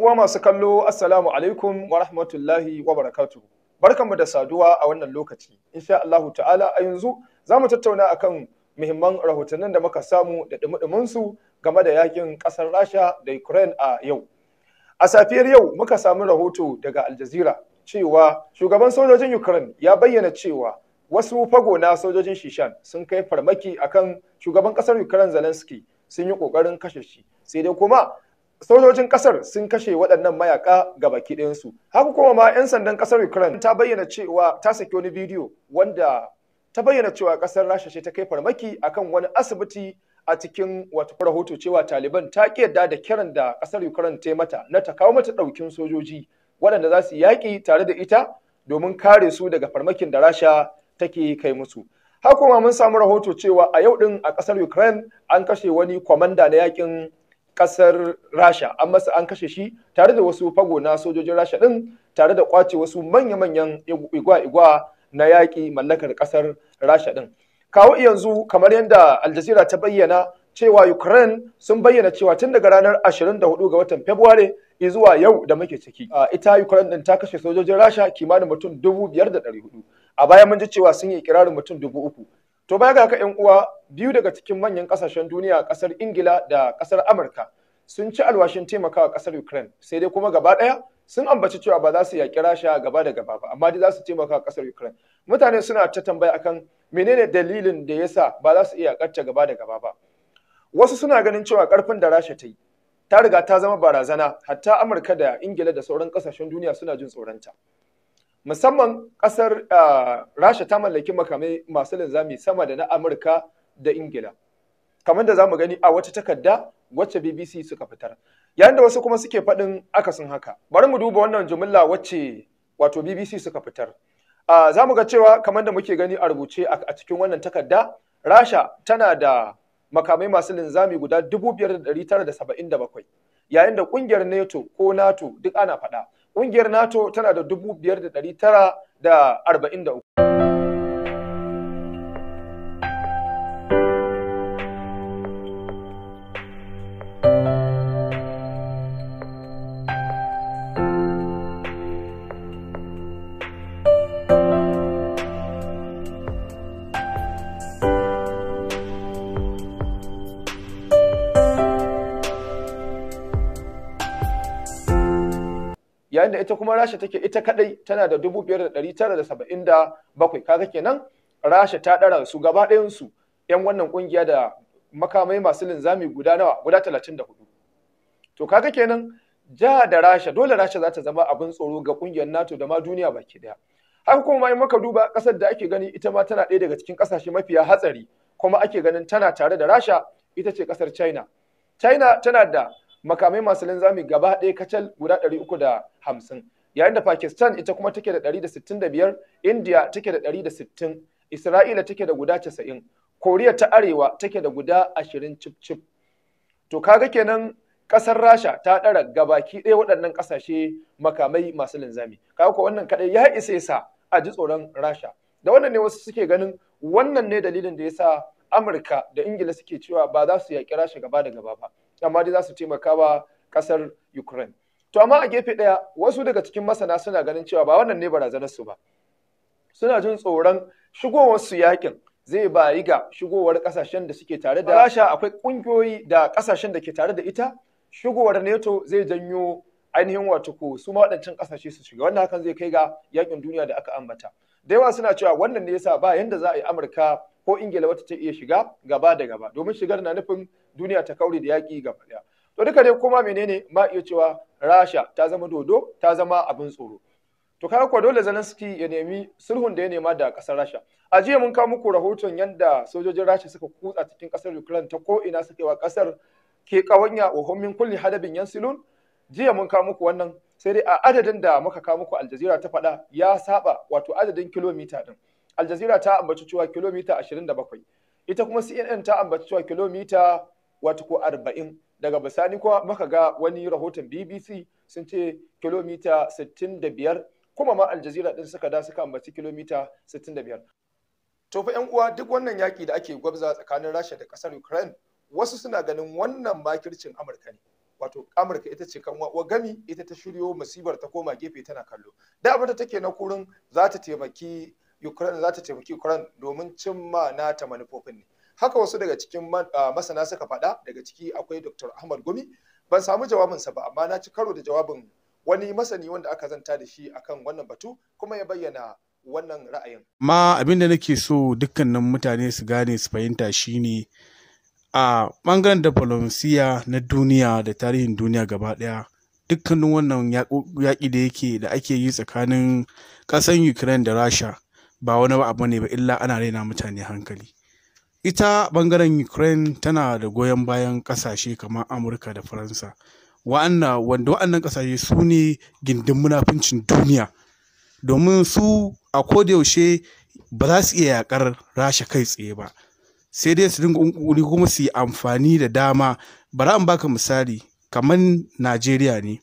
uwa masu kallo, Assalamu alaikum wa rahmatullahi wa barakatu. Barkanmu da saduwa a wannan lokaci. Insha Allahu ta'ala a yanzu za mu tattauna akan muhimman rahotannin da muka samu da su game da yakin ƙasar Rasha da Ukraine a yau. A safiyar yau muka samu rahoto daga Al Jazeera cewa shugaban sojojin Ukraine ya bayyana cewa wasu fagona sojojin Shishan sun kai farmaki akan shugaban ƙasar Ukraine Zelensky sun yi ƙoƙarin kashe shi. Sai dai kuma sojojin kasar sun kashe waɗannan mayaka ga baki ɗayansu. Haka kuma ma 'yan sandan kasar Ukraine ta bayyana cewa ta saki wani bidiyo wanda ta bayyana cewa kasar Rasha ce ta kai farmaki akan wani asibiti a cikin wata rahoto cewa Taliban ta ki yadda da kiran da kasar Ukraine ta mata na ta kawo mata ɗaukin sojoji waɗanda za su yaƙi tare da ita domin kare su daga farmakin da Rasha take kai musu. Haka kuma mun samu rahoto cewa a yau ɗin a kasar Ukraine an kashe wani kwamanda na yaƙin kasar rasha an masa an kashe shi tare da wasu fago na sojojin rasha din tare da kwace wasu manya-manyan igwa-igwa na yaƙi mallakar kasar rasha din kawo yanzu kamar yadda aljazira ta bayyana cewa ukraine sun bayyana cewa tun daga ranar 24 ga watan february zuwa yau da muke ciki ita ukraine din ta kashe sojojin rasha kimanin mutum 5,400 a baya mun ji cewa sun yi ikirarin mutum 3,000 to baya ga haka yan uwa biyu daga cikin manyan kasashen duniya kasar ingila da kasar amurka sun ci alwashin taimakawa kasar Ukraine sai dai kuma gaba ɗaya sun ambaci cewa ba za su yaƙi Rasha gaba da gaba ba amma dai za su taimakawa kasar Ukraine mutane suna ta tambaya akan menene dalilin da yasa ba za su iya ƙarta gaba da gaba ba wasu suna ganin cewa karfin da Rasha ta yi ta riga ta zama barazana hatta Amurka da Ingila da sauran kasashen duniya suna jin tsoronta musamman kasar ah, Rasha ta mallaki makamai masu linzami sama da na Amurka da Ingila kamar da zamu gani a wata takarda wacce BBC suka fitar yayin da wasu kuma suke faɗin akasin haka bari mu duba wannan jumla wacce wato BBC suka fitar uh, za mu ga cewa kamar da muke gani a rubuce a cikin wannan takarda Rasha tana da makamai masu linzami guda 5,977 yayin da kungiyar NATO ko NATO duk ana faɗa. ƙungiyar NATO tana da 5,943. yayin da ita kuma rasha take ita kadai tana da dubu biyar da da da tara saba'in bakwai kaga kenan rasha ta ɗara su gaba ɗayansu 'yan wannan ƙungiya da makamai masu linzami guda nawa guda talatin da hudu. to kaga kenan jiha da rasha dole rasha za ta zama abin tsoro ga ƙungiyar nato da ma duniya baki daya haka kuma in muka duba ƙasar da ake gani ita ma tana ɗaya daga cikin ƙasashe mafiya hatsari kuma ake ganin tana tare da rasha ita ce ƙasar china china tana da makamai masu linzami gaba ɗaya kacal guda 350 yayin da Pakistan ita kuma take da 165 India take da 160 Isra'ila take da guda 90 Koriya ta Arewa take da guda 20 cip cip to kaga kenan kasar Rasha ta ɗara gabaki ɗaya waɗannan ƙasashe makamai masu linzami kaga ko wannan kaɗai ya isa isa a ji tsoron Rasha da wannan ne wasu suke ganin wannan ne dalilin da ya sa Amurka da Ingila suke cewa ba za su yaƙi Rasha gaba da gaba ba amma dai za su taimaka wa kasar Ukraine to amma a gefe ɗaya wasu daga cikin masana suna ganin cewa ba wannan ne barazanar su ba suna jin tsoron shigowar su yakin zai bayi ga shigowar kasashen da suke tare da Rasha akwai ƙungiyoyi da ƙasashen da ke tare da ita shigowar NATO zai janyo ainihin wato ko su ma waɗancan kasashe su shiga wannan hakan zai kai ga yakin duniya da aka ambata da yawa suna cewa wannan ne yasa ba yanda za a yi Amurka ko Ingila wata ta iya shiga gaba da gaba domin shigar na nufin duniya ta kauri da yaƙi gaba ɗaya to duka dai kuma menene ma iya cewa rasha ta zama dodo ta zama abin tsoro to kaga kuwa dole zelensky ya nemi sulhun da ya nema da ƙasar rasha a jiya mun kawo muku rahoton yadda sojojin rasha suka kutsa cikin ƙasar ukraine ta ko ina suka wa ƙasar ke ƙawanya wa homin kulli hadabin silun. jiya mun kawo muku wannan sai dai a adadin da muka kawo muku aljazira ta faɗa ya saba wato adadin kilomita din aljazira ta ambaci cewa kilomita bakwai. ita kuma cnn ta ambaci cewa kilomita wata ko arba'in daga bisani kuma maka ga wani rahoton bbc sun ce kilomita 65 kuma ma aljazira din suka da suka ambaci kilomita 65 tofa yan uwa duk wannan yaki da ake gwabza tsakanin rasha da ƙasar ukraine wasu suna ganin wannan makircin amurka ne wato amurka ita ce kanwa wa gami ita ta shiryo masibar ta koma gefe tana kallo da abin take na kurin za ta taimaki ukraine za ta taimaki ukraine domin cimma nata manufofin ne haka wasu daga cikin ah, masana suka faɗa daga ciki akwai dr ahmad gumi ban samu jawabinsa ba amma na ci karo da jawabin wani masani wanda aka zanta da shi akan wannan batu kuma ya bayyana wannan ra'ayin ma abinda nake so dukkanin mutane su gane su fahimta shine a bangaren diplomasiya na duniya da tarihin duniya gaba daya dukkanin wannan yaƙi da yake da ake yi tsakanin ƙasan ukraine da rasha ba wani abu ne ba illa ana raina mutane hankali ita ɓangaren ukraine tana da goyon bayan ƙasashe kamar amurka da faransa wanda wa'annan ƙasashe su ne gindin munafincin duniya domin su a kodayaushe ba za su iya yakar rasha kai tsaye ba sai dai su dinga ƙunƙuri kuma su yi amfani da dama bara in baka misali kamar najeriya ne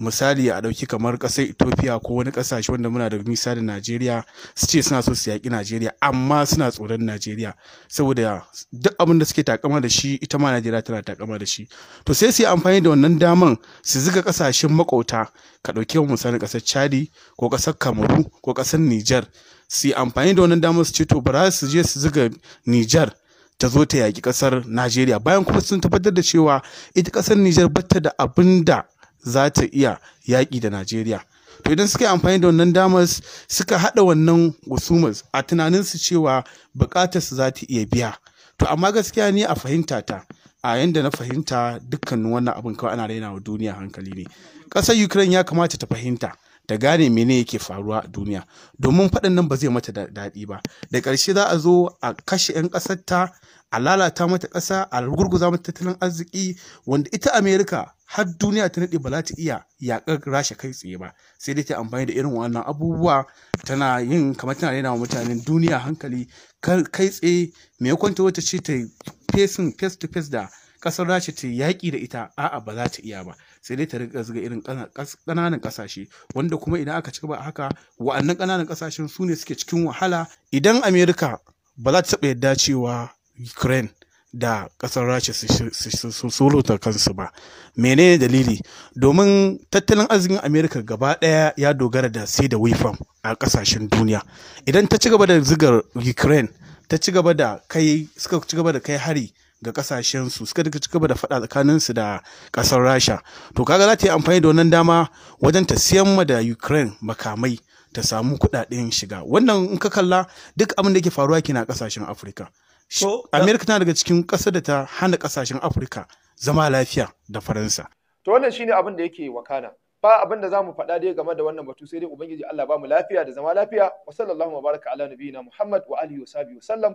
misali a ɗauki kamar ƙasar ethiopia ko wani ƙasashe wanda muna da nisa da najeriya su ce suna so su yaƙi najeriya amma suna tsoron najeriya saboda duk abin da suke takama da shi ita ma najeriya tana takama da shi to sai su yi amfani da wannan daman su ziga ƙasashen makauta ka ɗauki misalin ƙasar chadi ko ƙasar kamaru ko ƙasar niger su yi amfani da wannan daman su ce to ba su je su zuga niger ta zo ta yaƙi ƙasar najeriya bayan kuma sun tabbatar da cewa ita ƙasar niger batta da abinda. za ta iya yaƙi da najeriya to idan suka yi amfani da wannan damar suka haɗa wannan wasumas a tunaninsu cewa buƙatar su za ta iya biya to amma gaskiya ne a fahimta ta a yanda na fahimta dukkanin wannan abin kawai ana raina wa duniya hankali ne ƙasar ukraine ya kamata ta fahimta Da gane mene yake faruwa a duniya domin faɗin nan ba zai mata daɗi ba da ƙarshe za a zo a kashe 'yan ƙasar ta a lalata mata ƙasa a gurguza mata tattalin arziki wanda ita amerika har duniya ta naɗe ba za ta iya yaƙar rasha kai tsaye ba sai dai ta amfani da irin wannan abubuwa tana yin kamar tana nuna wa mutanen duniya hankali kai tsaye mai kwanta wata ce ta fesin face to face da ƙasar rasha ta yaƙi da ita a'a ba za ta iya ba sai dai ta rika zuga irin ƙananan kasashe wanda kuma idan aka ci gaba haka wa'annan kananan kasashen su ne suke cikin wahala idan amerika ba za ta taɓa yadda cewa ukraine da ƙasar rasha su solota kansu ba menene dalili domin tattalin arzikin amerika gaba ɗaya ya dogara da sai da wifam a ƙasashen duniya idan ta ci gaba da zigar ukraine ta suka ci gaba da kai hari ga kasashen su suka duka cigaba da fada tsakanin su da kasar Rasha to kaga za ta yi amfani da wannan dama wajen ta siyan ma da Ukraine makamai ta samu kudaden shiga wannan in ka kalla duk abin da ke faruwa kina kasashen Afirka Amerika tana daga cikin kasar da ta hana kasashen Afirka zama lafiya da Faransa to wannan shine abin da yake wakana ba abin da zamu faɗa dai game da wannan batu sai dai ubangiji Allah ba mu lafiya da zama lafiya wa sallallahu baraka ala nabiyina Muhammad wa alihi wa sahbihi wa sallam